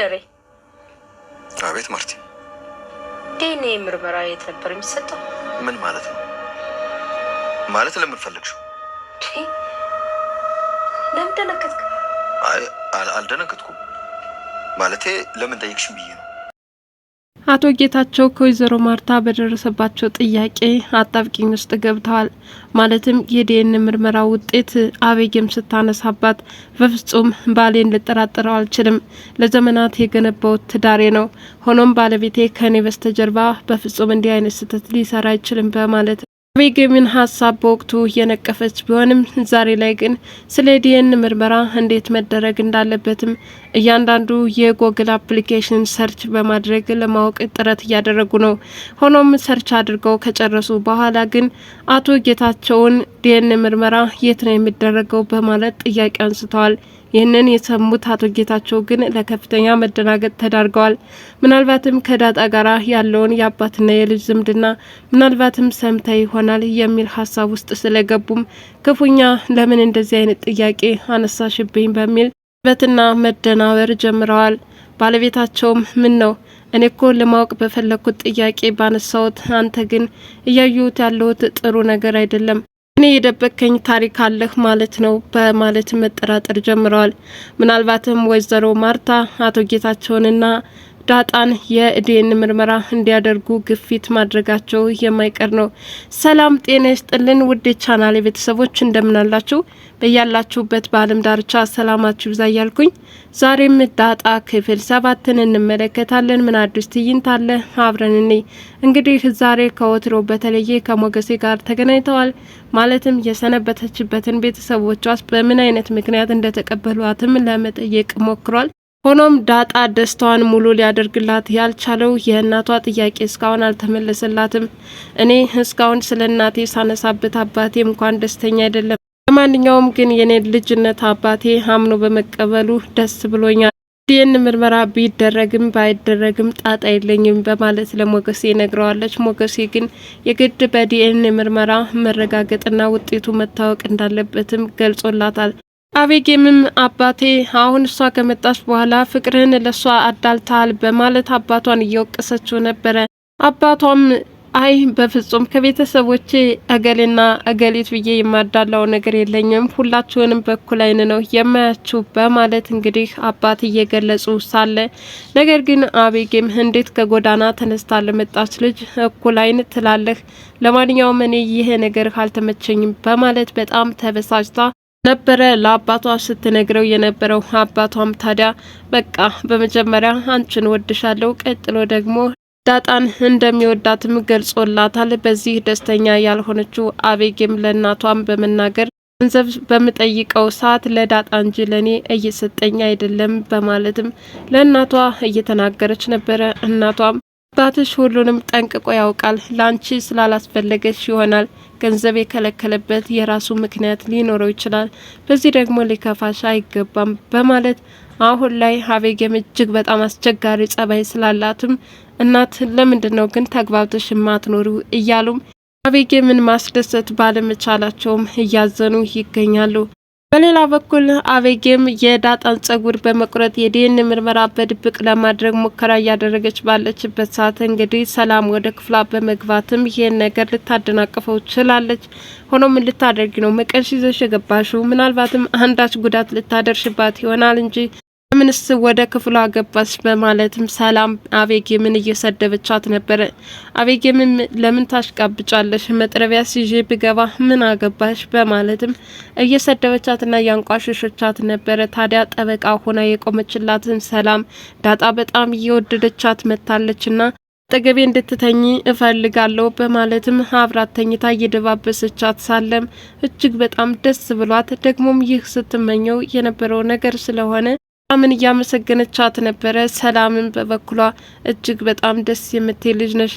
ደሬ አቤት ማርቲ ዲኤንኤ ምርመራ የት ነበር የሚሰጠው ምን ማለት ነው ማለት ለምን ፈለግሽው ለምን ደነገጥክ አልደነገጥኩም ማለቴ ለምን ጠየቅሽ ብዬ ነው አቶ ጌታቸው ከወይዘሮ ማርታ በደረሰባቸው ጥያቄ አጣብቂኝ ውስጥ ገብተዋል። ማለትም የዲኤን ምርመራ ውጤት አቤጌም ስታነሳባት በፍጹም ባሌን ልጠራጥረው አልችልም፣ ለዘመናት የገነባውት ትዳሬ ነው። ሆኖም ባለቤቴ ከኔ በስተጀርባ በፍጹም እንዲህ አይነት ስህተት ሊሰራ አይችልም በማለት አቤ ሀሳብ በወቅቱ እየነቀፈች ቢሆንም ዛሬ ላይ ግን ስለ ዲኤን ምርመራ እንዴት መደረግ እንዳለበትም እያንዳንዱ የጎግል አፕሊኬሽን ሰርች በማድረግ ለማወቅ ጥረት እያደረጉ ነው። ሆኖም ሰርች አድርገው ከጨረሱ በኋላ ግን አቶ ጌታቸውን ዲኤን ምርመራ የት ነው የሚደረገው በማለት ጥያቄ አንስተዋል። ይህንን የሰሙት አቶ ጌታቸው ግን ለከፍተኛ መደናገጥ ተዳርገዋል። ምናልባትም ከዳጣ ጋራ ያለውን የአባትና የልጅ ዝምድና ምናልባትም ሰምታ ይሆናል የሚል ሀሳብ ውስጥ ስለገቡም ክፉኛ ለምን እንደዚህ አይነት ጥያቄ አነሳሽብኝ በሚል በትና መደናበር ጀምረዋል። ባለቤታቸውም ምን ነው እኔ እኮ ለማወቅ በፈለግኩት ጥያቄ ባነሳውት አንተ ግን እያዩት ያለሁት ጥሩ ነገር አይደለም እኔ የደበከኝ ታሪክ አለህ ማለት ነው በማለት መጠራጠር ጀምረዋል። ምናልባትም ወይዘሮ ማርታ አቶ ጌታቸውንና ዳጣን የዴን ምርመራ እንዲያደርጉ ግፊት ማድረጋቸው የማይቀር ነው። ሰላም ጤና ይስጥልን ውድ የቻናሌ ቤተሰቦች እንደምናላችሁ በያላችሁበት በዓለም ዳርቻ ሰላማችሁ ይብዛ እያልኩኝ ዛሬም ዳጣ ክፍል ሰባትን እንመለከታለን። ምን አዲስ ትዕይንት አለ? አብረን እኔ እንግዲህ ዛሬ ከወትሮ በተለየ ከሞገሴ ጋር ተገናኝተዋል። ማለትም የሰነበተችበትን ቤተሰቦቿስ በምን አይነት ምክንያት እንደተቀበሏትም ለመጠየቅ ሞክሯል። ሆኖም ዳጣ ደስታዋን ሙሉ ሊያደርግላት ያልቻለው የእናቷ ጥያቄ እስካሁን አልተመለሰላትም። እኔ እስካሁን ስለ እናቴ ሳነሳበት አባቴ እንኳን ደስተኛ አይደለም። ለማንኛውም ግን የኔ ልጅነት አባቴ አምኖ በመቀበሉ ደስ ብሎኛል። ይህን ምርመራ ቢደረግም ባይደረግም ጣጣ የለኝም በማለት ለሞገሴ ነግረዋለች። ሞገሴ ግን የግድ በዲኤን ምርመራ መረጋገጥና ውጤቱ መታወቅ እንዳለበትም ገልጾላታል። አቤጌምም አባቴ አሁን እሷ ከመጣች በኋላ ፍቅርህን ለእሷ አዳልተሃል በማለት አባቷን እየወቀሰችው ነበረ። አባቷም አይ በፍጹም ከቤተሰቦቼ እገሌና እገሊት ብዬ የማዳላው ነገር የለኝም፣ ሁላችሁንም በኩል አይን ነው የማያችሁ በማለት እንግዲህ አባት እየገለጹ ሳለ ነገር ግን አቤጌም እንዴት ከጎዳና ተነስታ ለመጣች ልጅ እኩል አይን ትላለህ? ለማንኛውም እኔ ይሄ ነገር አልተመቸኝም በማለት በጣም ተበሳጭታ ነበረ ለአባቷ ስትነግረው የነበረው። አባቷም ታዲያ በቃ በመጀመሪያ አንቺን ወድሻለሁ፣ ቀጥሎ ደግሞ ዳጣን እንደሚወዳትም ገልጾላታል። በዚህ ደስተኛ ያልሆነችው አቤጌም ለእናቷም በመናገር ገንዘብ በምጠይቀው ሰዓት ለዳጣ እንጂ ለእኔ እየሰጠኝ አይደለም በማለትም ለእናቷ እየተናገረች ነበረ። እናቷም ባትሽ ሁሉንም ጠንቅቆ ያውቃል። ላንቺ ስላላስፈለገች ይሆናል ገንዘብ የከለከለበት የራሱ ምክንያት ሊኖረው ይችላል። በዚህ ደግሞ ሊከፋሽ አይገባም በማለት አሁን ላይ ሀቤጌም እጅግ በጣም አስቸጋሪ ጸባይ ስላላትም እናት ለምንድን ነው ግን ተግባብተሽ ማትኖሩ እያሉም ሀቤጌምን ማስደሰት ባለመቻላቸውም እያዘኑ ይገኛሉ። በሌላ በኩል አቤጌም የዳጣን ጸጉር በመቁረጥ የዲኤን ምርመራ በድብቅ ለማድረግ ሙከራ እያደረገች ባለችበት ሰዓት እንግዲህ ሰላም ወደ ክፍሏ በመግባትም ይህን ነገር ልታደናቅፈው ችላለች። ሆኖም ልታደርግ ነው መቀንሽ ይዘሽ የገባሽው ምናልባትም አንዳች ጉዳት ልታደርሽባት ይሆናል እንጂ ምንስ ወደ ክፍሏ ገባች? በማለትም ሰላም አቤጌምን እየሰደበቻት ነበረ። አቤጌምም ለምን ታሽቃብጫለሽ? መጥረቢያ ይዤ ብገባ ምን አገባሽ? በማለትም እየሰደበቻትና ያንቋሸሾቻት ነበረ። ታዲያ ጠበቃ ሆና የቆመችላትን ሰላም ዳጣ በጣም እየወደደቻት መታለችና አጠገቤ እንድትተኝ እፈልጋለሁ በማለትም አብራት ተኝታ እየደባበሰቻት ሳለም እጅግ በጣም ደስ ብሏት ደግሞም ይህ ስትመኘው የነበረው ነገር ስለሆነ ሰላምን እያመሰገነቻት ነበረ። ሰላምን በበኩሏ እጅግ በጣም ደስ የምትል ልጅ ነሽ።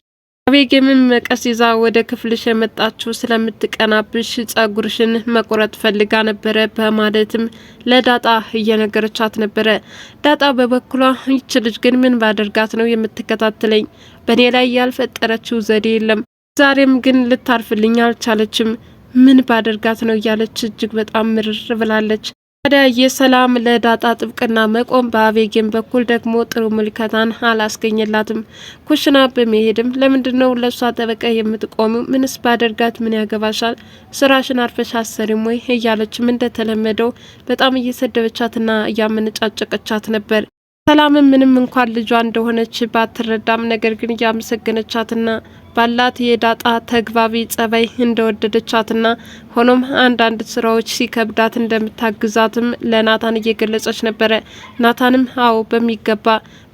አቤጌምን መቀስ ይዛ ወደ ክፍልሽ የመጣችው ስለምትቀናብሽ ጸጉርሽን መቁረጥ ፈልጋ ነበረ በማለትም ለዳጣ እየነገረቻት ነበረ። ዳጣ በበኩሏ ይች ልጅ ግን ምን ባደርጋት ነው የምትከታተለኝ? በእኔ ላይ ያልፈጠረችው ዘዴ የለም። ዛሬም ግን ልታርፍልኝ አልቻለችም። ምን ባደርጋት ነው እያለች እጅግ በጣም ምርር ብላለች። ታዲያ የሰላም ለዳጣ ጥብቅና መቆም በአቤጌም በኩል ደግሞ ጥሩ ምልከታን አላስገኘላትም። ኩሽና በመሄድም ለምንድን ነው ለእሷ ጠበቀ የምትቆሙ? ምንስ ባደርጋት ምን ያገባሻል? ስራሽን አርፈሽ አሰሪም ወይ እያለችም እንደተለመደው በጣም እየሰደበቻትና እያመነጫጨቀቻት ነበር። ሰላም ምንም እንኳን ልጇ እንደሆነች ባትረዳም ነገር ግን እያመሰገነቻትና ባላት የዳጣ ተግባቢ ጸባይ እንደወደደቻትና ሆኖም አንዳንድ ስራዎች ሲከብዳት እንደምታግዛትም ለናታን እየገለጸች ነበረ። ናታንም አዎ በሚገባ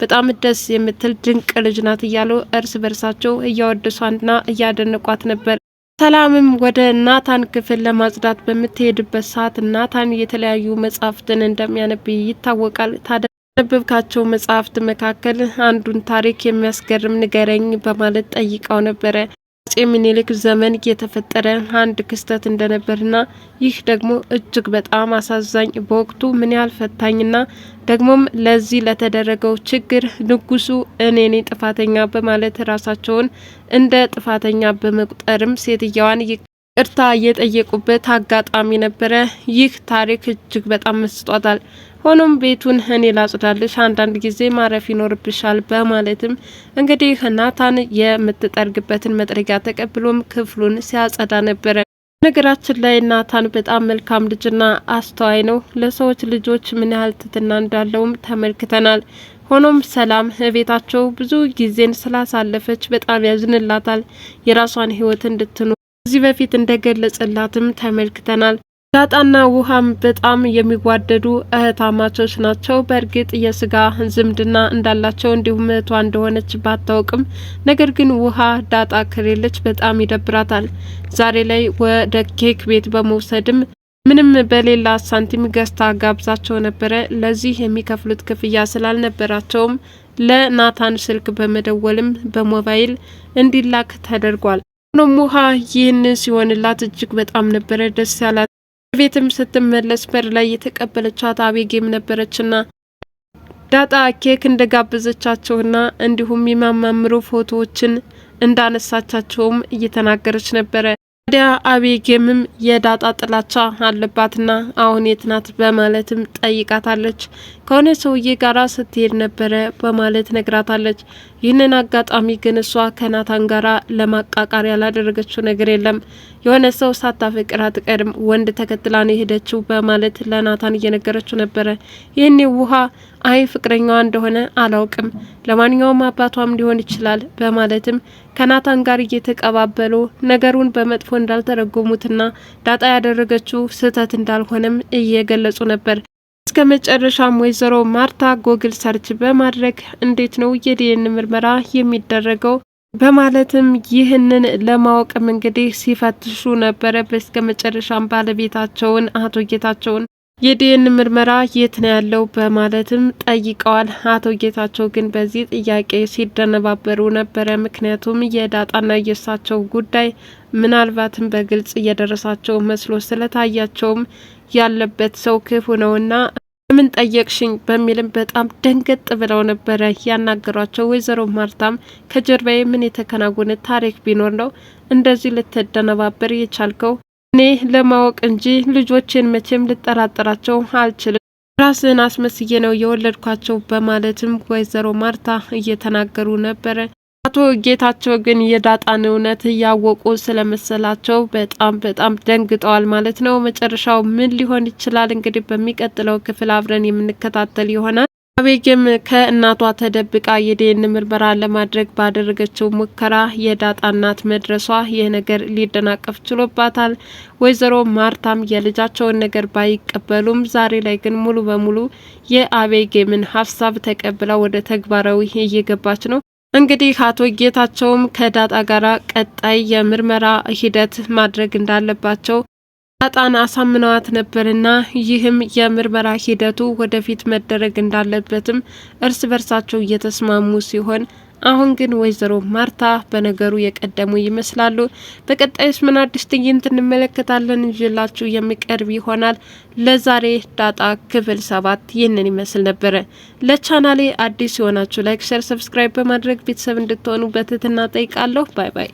በጣም ደስ የምትል ድንቅ ልጅ ናት እያሉ እርስ በርሳቸው እያወደሷና እያደነቋት ነበር። ሰላምም ወደ ናታን ክፍል ለማጽዳት በምትሄድበት ሰዓት ናታን የተለያዩ መጽሐፍትን እንደሚያነብ ይታወቃል። ታዲያ በብካቸው መጽሐፍት መካከል አንዱን ታሪክ የሚያስገርም ንገረኝ በማለት ጠይቀው ነበረ። ጼ ምኒልክ ዘመን የተፈጠረ አንድ ክስተት እንደነበርና ይህ ደግሞ እጅግ በጣም አሳዛኝ በወቅቱ ምን ያህል ፈታኝና ደግሞም ለዚህ ለተደረገው ችግር ንጉሱ እኔ ነኝ ጥፋተኛ በማለት ራሳቸውን እንደ ጥፋተኛ በመቁጠርም ሴትየዋን ይቅርታ የጠየቁበት አጋጣሚ ነበረ። ይህ ታሪክ እጅግ በጣም መስጧታል። ሆኖም ቤቱን እኔ ላጽዳልሽ፣ አንዳንድ ጊዜ ማረፍ ይኖርብሻል በማለትም እንግዲህ ናታን የምትጠርግበትን መጥረጊያ ተቀብሎም ክፍሉን ሲያጸዳ ነበረ። ነገራችን ላይ ናታን በጣም መልካም ልጅና አስተዋይ ነው። ለሰዎች ልጆች ምን ያህል ትትና እንዳለውም ተመልክተናል። ሆኖም ሰላም ቤታቸው ብዙ ጊዜን ስላሳለፈች በጣም ያዝንላታል። የራሷን ህይወት እንድትኖር ከዚህ በፊት እንደገለጸላትም ተመልክተናል። ዳጣና ውሃም በጣም የሚዋደዱ እህታማቾች ናቸው። በእርግጥ የስጋ ዝምድና እንዳላቸው እንዲሁም እህቷ እንደሆነች ባታውቅም ነገር ግን ውሃ ዳጣ ከሌለች በጣም ይደብራታል። ዛሬ ላይ ወደ ኬክ ቤት በመውሰድም ምንም በሌላ ሳንቲም ገዝታ ጋብዛቸው ነበረ። ለዚህ የሚከፍሉት ክፍያ ስላልነበራቸውም ለናታን ስልክ በመደወልም በሞባይል እንዲላክ ተደርጓል። ሆኖም ውሃ ይህን ሲሆንላት እጅግ በጣም ነበረ ደስ ያላት። ቤትም ስትመለስ በር ላይ የተቀበለቻት አቤጌም ነበረችና ዳጣ ኬክ እንደጋበዘቻቸውና እንዲሁም የሚያማምሩ ፎቶዎችን እንዳነሳቻቸውም እየተናገረች ነበረ። ታዲያ አቤጌምም የዳጣ ጥላቻ አለባትና አሁን የት ናት በማለትም ጠይቃታለች። ከሆነ ሰውዬ ጋራ ስትሄድ ነበረ በማለት ነግራታለች። ይህንን አጋጣሚ ግን እሷ ከናታን ጋራ ለማቃቃር ያላደረገችው ነገር የለም። የሆነ ሰው ሳታፈቅር አትቀርም፣ ወንድ ተከትላን የሄደችው በማለት ለናታን እየነገረችው ነበረ። ይህኔ ውሃ አይ ፍቅረኛዋ እንደሆነ አላውቅም፣ ለማንኛውም አባቷም ሊሆን ይችላል በማለትም ከናታን ጋር እየተቀባበሉ ነገሩን በመጥፎ እንዳልተረጎሙትና ዳጣ ያደረገችው ስህተት እንዳልሆነም እየገለጹ ነበር። እስከ መጨረሻም ወይዘሮ ማርታ ጎግል ሰርች በማድረግ እንዴት ነው የዲኤን ምርመራ የሚደረገው በማለትም ይህንን ለማወቅም እንግዲህ ሲፈትሹ ነበረ። በስከ መጨረሻም ባለቤታቸውን አቶ ጌታቸውን የዲኤን ምርመራ የት ነው ያለው በማለትም ጠይቀዋል። አቶ ጌታቸው ግን በዚህ ጥያቄ ሲደነባበሩ ነበረ። ምክንያቱም የዳጣና የእሳቸው ጉዳይ ምናልባትም በግልጽ እየደረሳቸው መስሎ ስለታያቸውም ያለበት ሰው ክፉ ነውና ምን ጠየቅሽኝ በሚልም በጣም ደንገጥ ብለው ነበረ ያናገሯቸው። ወይዘሮ ማርታም ከጀርባዬ ምን የተከናወነ ታሪክ ቢኖር ነው እንደዚህ ልትደነባበር የቻልከው? እኔ ለማወቅ እንጂ ልጆቼን መቼም ልጠራጠራቸው አልችልም። ራስን አስመስዬ ነው የወለድኳቸው በማለትም ወይዘሮ ማርታ እየተናገሩ ነበረ። አቶ ጌታቸው ግን የዳጣን እውነት እያወቁ ስለመሰላቸው በጣም በጣም ደንግጠዋል ማለት ነው። መጨረሻው ምን ሊሆን ይችላል እንግዲህ በሚቀጥለው ክፍል አብረን የምንከታተል ይሆናል። አቤጌም ከእናቷ ተደብቃ የዲኤንኤ ምርመራ ለማድረግ ባደረገችው ሙከራ የዳጣ እናት መድረሷ ይህ ነገር ሊደናቀፍ ችሎባታል። ወይዘሮ ማርታም የልጃቸውን ነገር ባይቀበሉም ዛሬ ላይ ግን ሙሉ በሙሉ የአቤጌምን ሀሳብ ተቀብላ ወደ ተግባራዊ እየገባች ነው። እንግዲህ አቶ ጌታቸውም ከዳጣ ጋር ቀጣይ የምርመራ ሂደት ማድረግ እንዳለባቸው አጣን አሳምነዋት ነበርና ይህም የምርመራ ሂደቱ ወደፊት መደረግ እንዳለበትም እርስ በርሳቸው እየተስማሙ ሲሆን አሁን ግን ወይዘሮ ማርታ በነገሩ የቀደሙ ይመስላሉ። በቀጣይስ ምን አዲስ ትዕይንት እንመለከታለን? ይዤላችሁ የሚቀርብ ይሆናል። ለዛሬ ዳጣ ክፍል ሰባት ይህንን ይመስል ነበረ። ለቻናሌ አዲስ የሆናችሁ ላይክ፣ ሸር፣ ሰብስክራይብ በማድረግ ቤተሰብ እንድትሆኑ በትህትና ጠይቃለሁ። ባይ ባይ።